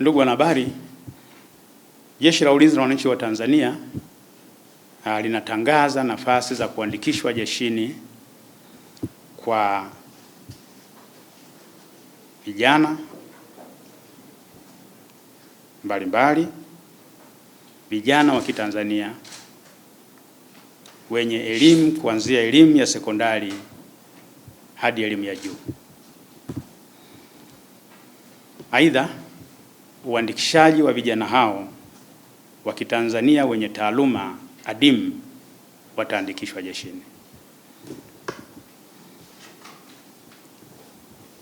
Ndugu wanahabari, Jeshi la Ulinzi la Wananchi wa Tanzania uh, linatangaza nafasi za kuandikishwa jeshini kwa vijana mbalimbali, vijana wa Kitanzania wenye elimu kuanzia elimu ya sekondari hadi elimu ya juu. Aidha, uandikishaji wa vijana hao wa Kitanzania wenye taaluma adimu wataandikishwa jeshini.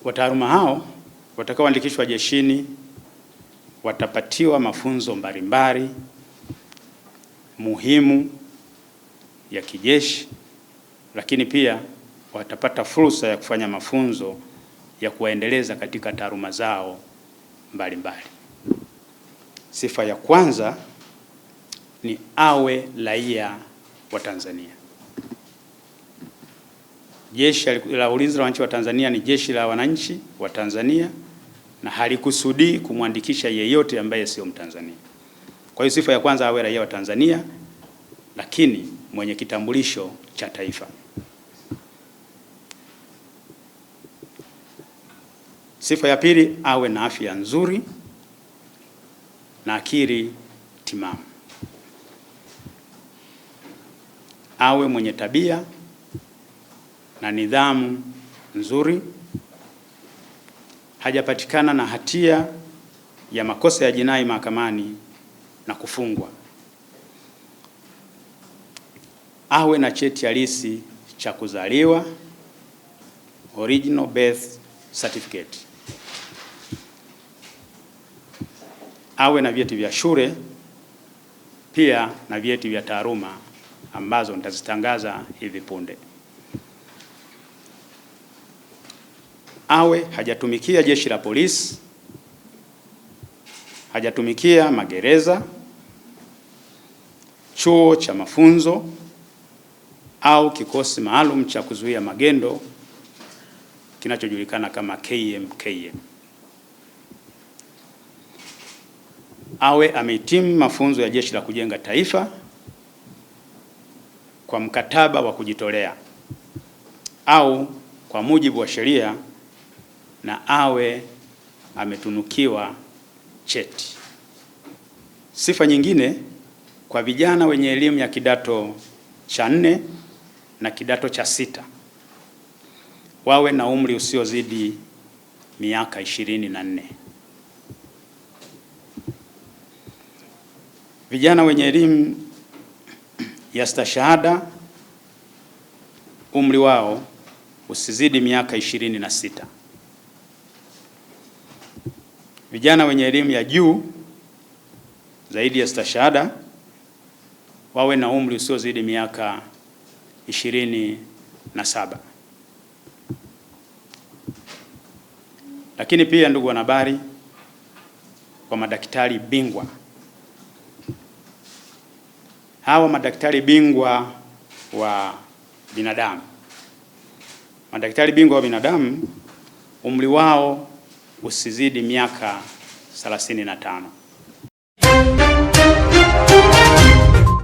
Wataaluma hao watakaoandikishwa jeshini watapatiwa mafunzo mbalimbali muhimu ya kijeshi, lakini pia watapata fursa ya kufanya mafunzo ya kuwaendeleza katika taaluma zao mbalimbali. Sifa ya kwanza ni awe raia wa Tanzania. Jeshi la Ulinzi la Wananchi wa Tanzania ni jeshi la wananchi wa Tanzania na halikusudii kumwandikisha yeyote ambaye sio Mtanzania. Kwa hiyo sifa ya kwanza awe raia wa Tanzania, lakini mwenye kitambulisho cha taifa. Sifa ya pili awe na afya nzuri na akili timamu, awe mwenye tabia na nidhamu nzuri, hajapatikana na hatia ya makosa ya jinai mahakamani na kufungwa, awe na cheti halisi cha kuzaliwa original birth certificate. awe na vyeti vya shule pia na vyeti vya taaluma ambazo nitazitangaza hivi punde. Awe hajatumikia jeshi la polisi, hajatumikia magereza, chuo cha mafunzo au kikosi maalum cha kuzuia magendo kinachojulikana kama KMKM. awe amehitimu mafunzo ya Jeshi la Kujenga Taifa kwa mkataba wa kujitolea au kwa mujibu wa sheria na awe ametunukiwa cheti. Sifa nyingine kwa vijana wenye elimu ya kidato cha nne na kidato cha sita wawe na umri usiozidi miaka ishirini na nne. Vijana wenye elimu ya stashahada umri wao usizidi miaka ishirini na sita. Vijana wenye elimu ya juu zaidi ya stashahada wawe na umri usiozidi miaka ishirini na saba. Lakini pia ndugu wanahabari, kwa madaktari bingwa hawa madaktari bingwa wa binadamu, madaktari bingwa wa binadamu umri wao usizidi miaka 35.